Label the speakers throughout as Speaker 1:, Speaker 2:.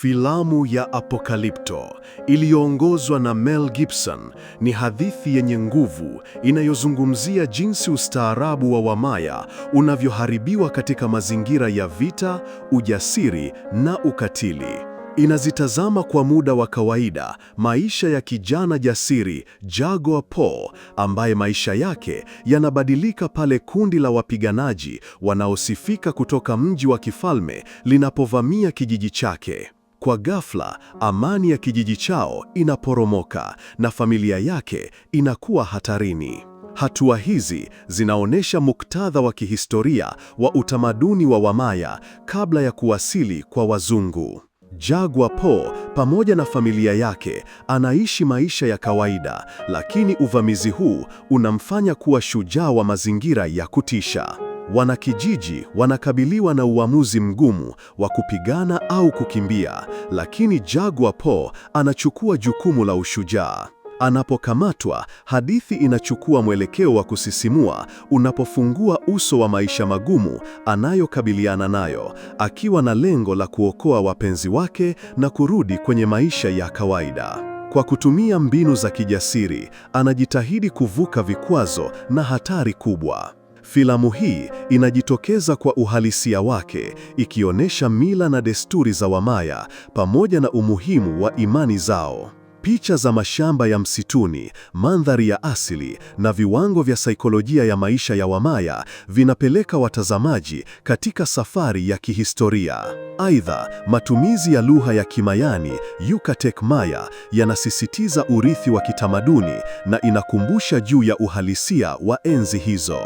Speaker 1: Filamu ya Apokalipto iliyoongozwa na Mel Gibson ni hadithi yenye nguvu inayozungumzia jinsi ustaarabu wa Wamaya unavyoharibiwa katika mazingira ya vita, ujasiri na ukatili. Inazitazama kwa muda wa kawaida maisha ya kijana jasiri Jaguar Paul ambaye maisha yake yanabadilika pale kundi la wapiganaji wanaosifika kutoka mji wa kifalme linapovamia kijiji chake. Kwa ghafla, amani ya kijiji chao inaporomoka na familia yake inakuwa hatarini. Hatua hizi zinaonyesha muktadha wa kihistoria wa utamaduni wa Wamaya kabla ya kuwasili kwa Wazungu. Jagwa Po pamoja na familia yake anaishi maisha ya kawaida, lakini uvamizi huu unamfanya kuwa shujaa wa mazingira ya kutisha. Wanakijiji wanakabiliwa na uamuzi mgumu wa kupigana au kukimbia, lakini jagwa Po anachukua jukumu la ushujaa. Anapokamatwa, hadithi inachukua mwelekeo wa kusisimua unapofungua uso wa maisha magumu anayokabiliana nayo, akiwa na lengo la kuokoa wapenzi wake na kurudi kwenye maisha ya kawaida. Kwa kutumia mbinu za kijasiri, anajitahidi kuvuka vikwazo na hatari kubwa. Filamu hii inajitokeza kwa uhalisia wake, ikionyesha mila na desturi za Wamaya pamoja na umuhimu wa imani zao. Picha za mashamba ya msituni, mandhari ya asili na viwango vya saikolojia ya maisha ya Wamaya vinapeleka watazamaji katika safari ya kihistoria. Aidha, matumizi ya lugha ya Kimayani, Yucatec Maya, yanasisitiza urithi wa kitamaduni na inakumbusha juu ya uhalisia wa enzi hizo.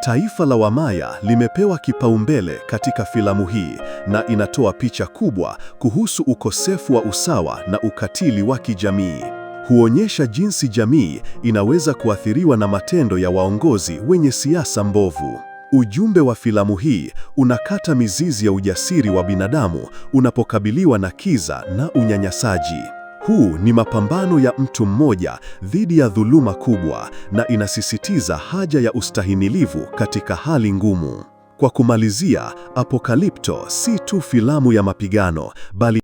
Speaker 1: Taifa la Wamaya limepewa kipaumbele katika filamu hii na inatoa picha kubwa kuhusu ukosefu wa usawa na ukatili wa kijamii. Huonyesha jinsi jamii inaweza kuathiriwa na matendo ya waongozi wenye siasa mbovu. Ujumbe wa filamu hii unakata mizizi ya ujasiri wa binadamu unapokabiliwa na kiza na unyanyasaji. Huu ni mapambano ya mtu mmoja dhidi ya dhuluma kubwa na inasisitiza haja ya ustahimilivu katika hali ngumu. Kwa kumalizia, apokalipto si tu filamu ya mapigano bali